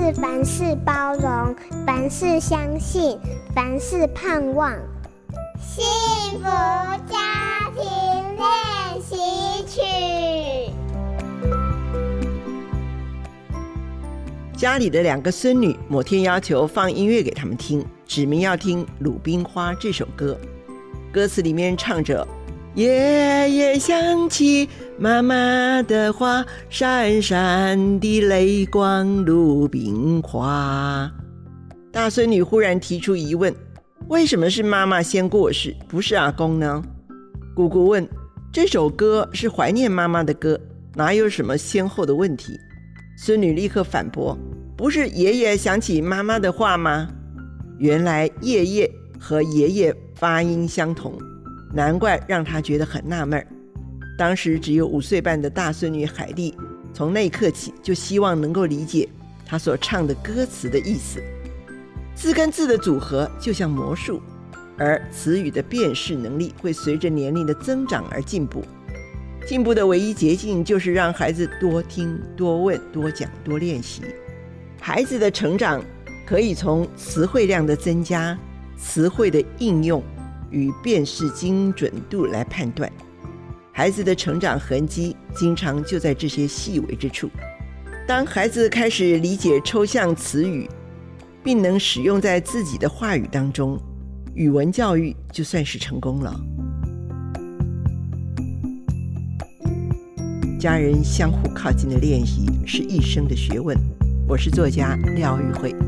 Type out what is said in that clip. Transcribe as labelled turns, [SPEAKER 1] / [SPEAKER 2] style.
[SPEAKER 1] 是凡事包容，凡事相信，凡事盼望。幸福家庭練習曲。
[SPEAKER 2] 家裡的兩個孫女某天要求放音樂給他們聽，指明要聽《魯冰花》這首歌，歌詞裡面唱着。爺爺想起媽媽的話，閃閃的淚光魯冰花。大孫女忽然提出疑問：為什麼是媽媽先過世，不是阿公呢？姑姑問：“這首歌是懷念媽媽的歌，哪有什麼先後的問題？”孫女立刻反駁：“不是爺爺想起媽媽的話嗎？原來‘夜夜’和‘爺爺’發音相同。”難怪讓他覺得很納悶兒。當時只有五歲半的大孫女海蒂，從那一刻起就希望能夠理解他所唱的歌詞的意思。字跟字的組合就像魔術，而詞語的辨識能力會隨着年齡的增長而進步。進步的唯一捷徑就是讓孩子多聽、多問、多講、多練習。孩子的成長可以從詞彙量的增加、詞彙的應用。與辨識精準度來判斷孩子的成長痕跡，經常就在這些細微之處。當孩子開始理解抽象詞語，並能使用在自己的話語當中，語文教育就算是成功了。家人相互靠近的練習是一生的學問。我是作家廖玉蕙。